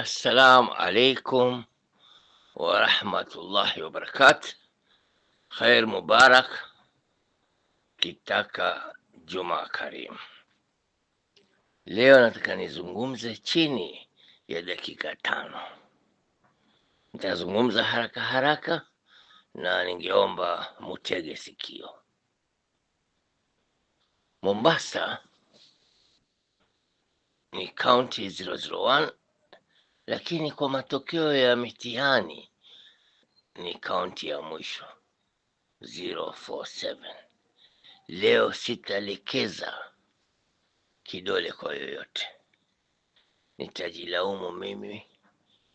السلام عليكم ورحمة الله وبركاته خير مبارك kitaka Juma Karim. Leo nataka nizungumze chini ya dakika tano. Nitazungumza haraka haraka na ningeomba mutege sikio. Mombasa ni kaunti 001 lakini kwa matokeo ya mitihani ni kaunti ya mwisho 047. Leo sitalekeza kidole kwa yoyote, nitajilaumu mimi,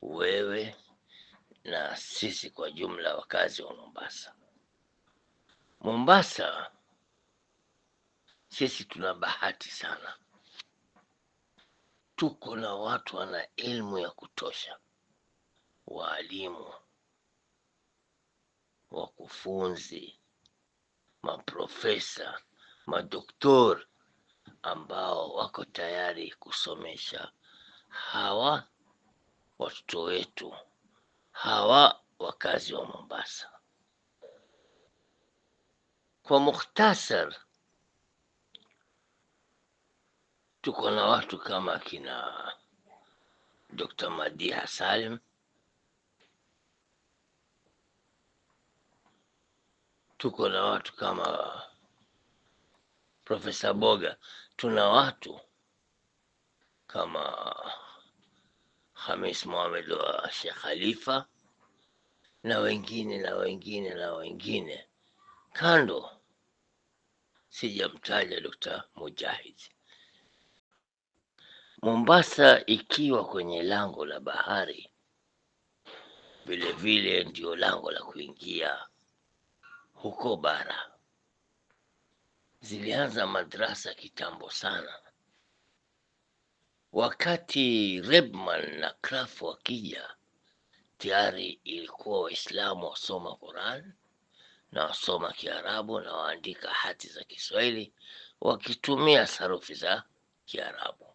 wewe na sisi kwa jumla, wakazi wa Mombasa. Mombasa sisi tuna bahati sana tuko na watu wana elimu ya kutosha, waalimu, wakufunzi, maprofesa, madoktor ambao wako tayari kusomesha hawa watoto wetu hawa wakazi wa Mombasa. Kwa mukhtasar, tuko na watu kama kina Dr. Madiha Salim, tuko na watu kama Profesa Boga, tuna watu kama Hamis Mohamed wa Sheikh Khalifa na wengine na wengine na wengine kando, sijamtaja Dr. Mujahid. Mombasa ikiwa kwenye lango la bahari, vilevile ndio lango la kuingia huko bara. Zilianza madrasa kitambo sana, wakati Rebman na Kraf wakija, tayari ilikuwa Waislamu wasoma Quran na wasoma Kiarabu na waandika hati za Kiswahili wakitumia sarufi za Kiarabu.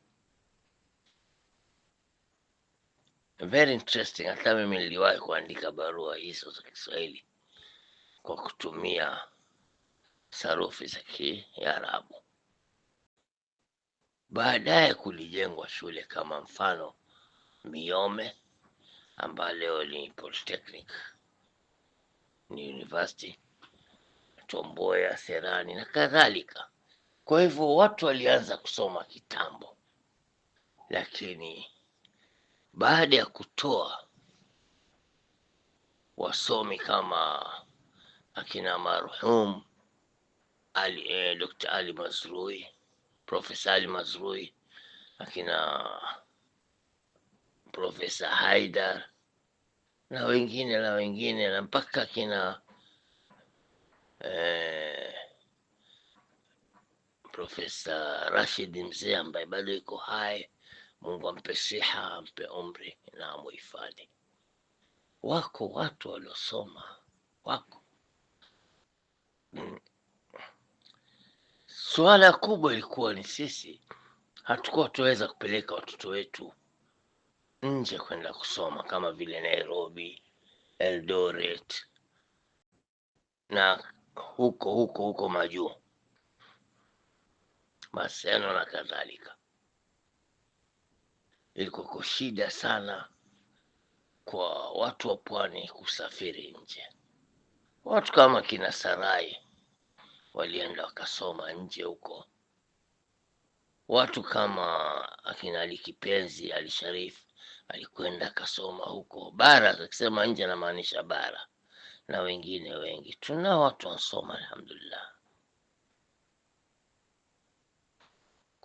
very interesting. Hata mimi niliwahi kuandika barua hizo za Kiswahili kwa kutumia sarufi za Kiarabu. Baadaye kulijengwa shule kama mfano Miome ambayo leo ni Polytechnic, ni university Tomboya, Serani na kadhalika. Kwa hivyo watu walianza kusoma kitambo, lakini baada ya kutoa wasomi kama akina marhum Ali, eh, Dr. Ali Mazrui, Profesa Ali Mazrui, akina Profesa Haidar na wengine na wengine na mpaka akina eh, Profesa Rashid mzee ambaye bado iko hai Mungu ampe siha, ampe umri na amuhifadhi. Wako watu waliosoma, wako suala kubwa ilikuwa ni sisi hatukuwa tuweza kupeleka watoto wetu nje kwenda kusoma kama vile Nairobi, Eldoret na huko huko huko majuu Maseno na kadhalika ilikuwako shida sana kwa watu wa pwani kusafiri nje. Watu kama kina Sarai walienda wakasoma nje huko, watu kama akina Ali Kipenzi, Ali Sharif alikwenda akasoma huko bara, akisema nje anamaanisha bara, na wengine wengi. Tunao watu wansoma alhamdulillah.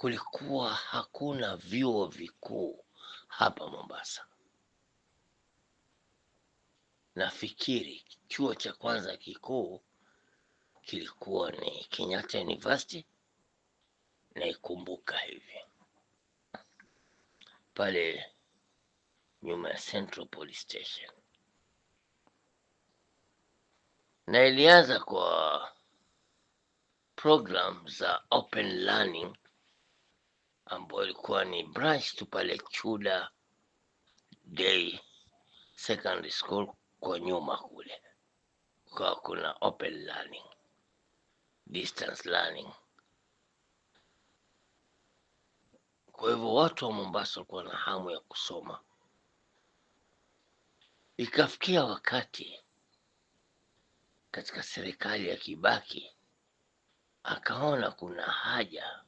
kulikuwa hakuna vyuo vikuu hapa Mombasa. Nafikiri chuo cha kwanza kikuu kilikuwa ni Kenyatta University, naikumbuka hivi pale nyuma ya Central Police Station, na ilianza kwa program za open learning ambayo ilikuwa ni branch tu pale Chuda Day Secondary School kwa nyuma kule, kwa kuna open learning, distance learning. Kwa hivyo watu wa Mombasa walikuwa na hamu ya kusoma. Ikafikia wakati katika serikali ya Kibaki akaona kuna haja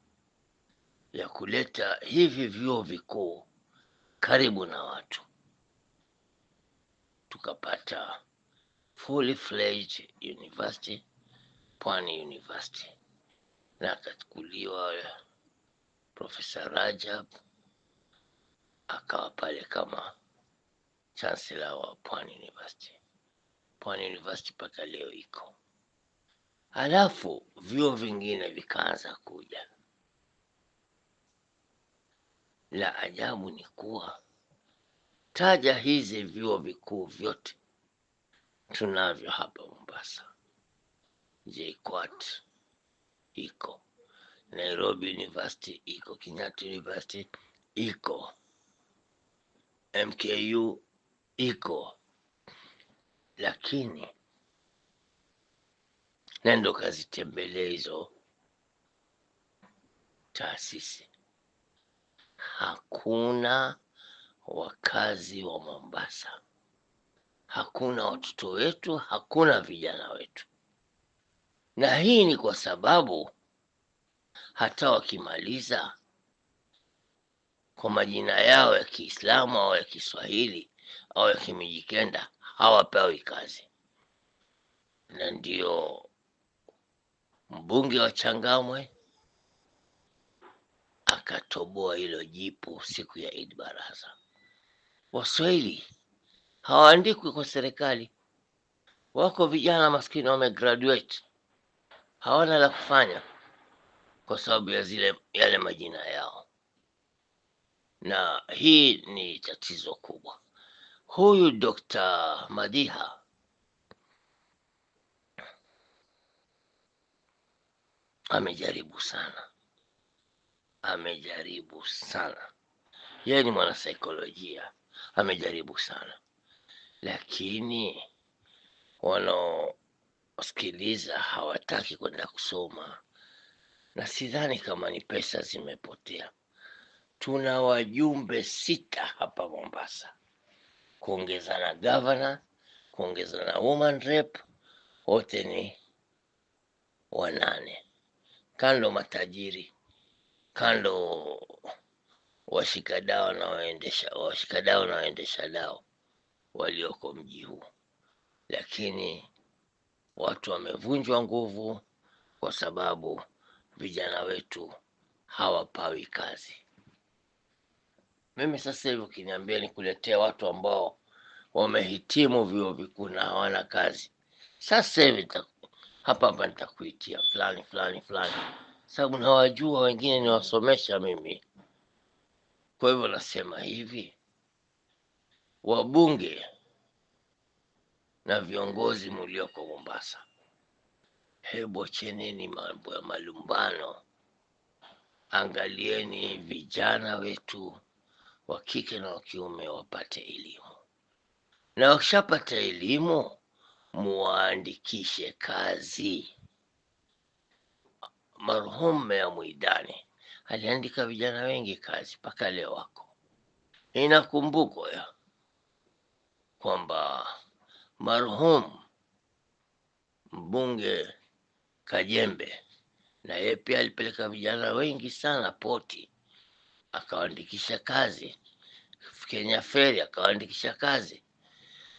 ya kuleta hivi vyuo vikuu karibu na watu, tukapata fully fledged university Pwani University, na akachukuliwa Profesa Rajab akawa pale kama chancellor wa Pwani University. Pwani University mpaka leo iko. Halafu vyuo vingine vikaanza kuja la ajabu ni kuwa taja hizi vyuo vikuu vyote tunavyo hapa Mombasa. JKUAT iko, Nairobi University iko, Kenyatta University iko, MKU iko, lakini nendo kazitembelee hizo taasisi hakuna wakazi wa Mombasa, hakuna watoto wetu, hakuna vijana wetu. Na hii ni kwa sababu hata wakimaliza kwa majina yao ya Kiislamu au ya Kiswahili au ya Kimijikenda hawapewi kazi, na ndio mbunge wa Changamwe akatoboa hilo jipu siku ya Eid Baraza. Waswahili hawaandikwi kwa serikali, wako vijana maskini wamegraduate, hawana la kufanya kwa sababu ya zile yale majina yao, na hii ni tatizo kubwa. Huyu Dr. Madiha amejaribu sana amejaribu sana, yeye ni mwanasaikolojia, amejaribu sana, lakini wanaosikiliza hawataki kwenda kusoma, na sidhani kama ni pesa zimepotea. Tuna wajumbe sita hapa Mombasa, kuongeza na gavana, kuongeza na woman rep, wote ni wanane, kando matajiri kando washikadao na waendesha washikadao na waendesha dao walioko mji huu, lakini watu wamevunjwa nguvu kwa sababu vijana wetu hawapawi kazi. Mimi sasa hivi ukiniambia nikuletea watu ambao wamehitimu vyuo vikuu na hawana kazi, sasa hivi hapa hapa nitakuitia fulani fulani fulani sababu nawajua wengine niwasomesha mimi. Kwa hivyo nasema hivi, wabunge na viongozi mulioko Mombasa, hebu cheneni mambo ya malumbano, angalieni vijana wetu wa kike na wa kiume wapate elimu, na wakishapata elimu muwaandikishe kazi marhumu Meya Muidani aliandika vijana wengi kazi mpaka leo wako. Inakumbukwa ya kwamba marhum mbunge Kajembe na yeye pia alipeleka vijana wengi sana poti, akawaandikisha kazi. Kenya feri akawaandikisha kazi.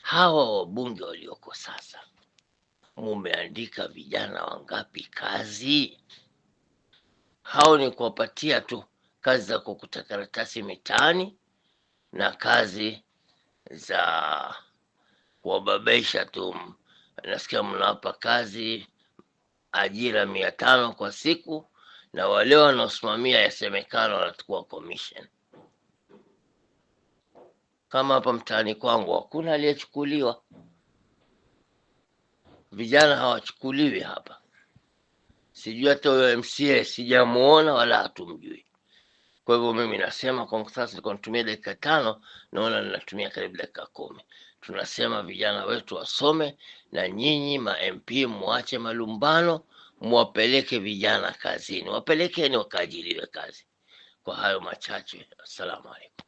Hawa wabunge walioko sasa, mumeandika vijana wangapi kazi? hao ni kuwapatia tu kazi za kukuta karatasi mitaani na kazi za kuwababesha tu. Nasikia mnawapa kazi ajira mia tano kwa siku, na wale wanaosimamia yasemekana wanachukua commission. Kama hapa mtaani kwangu hakuna aliyechukuliwa, vijana hawachukuliwi hapa sijui hata huyo MCA sijamuona wala hatumjui. Kwa hivyo mimi nasema kwa sasa, dakika tano, naona ninatumia karibu dakika kumi. Tunasema vijana wetu wasome, na nyinyi ma MP muache malumbano, muwapeleke vijana kazini, wapelekeni wakaajiriwe kazi. Kwa hayo machache, assalamu alaikum.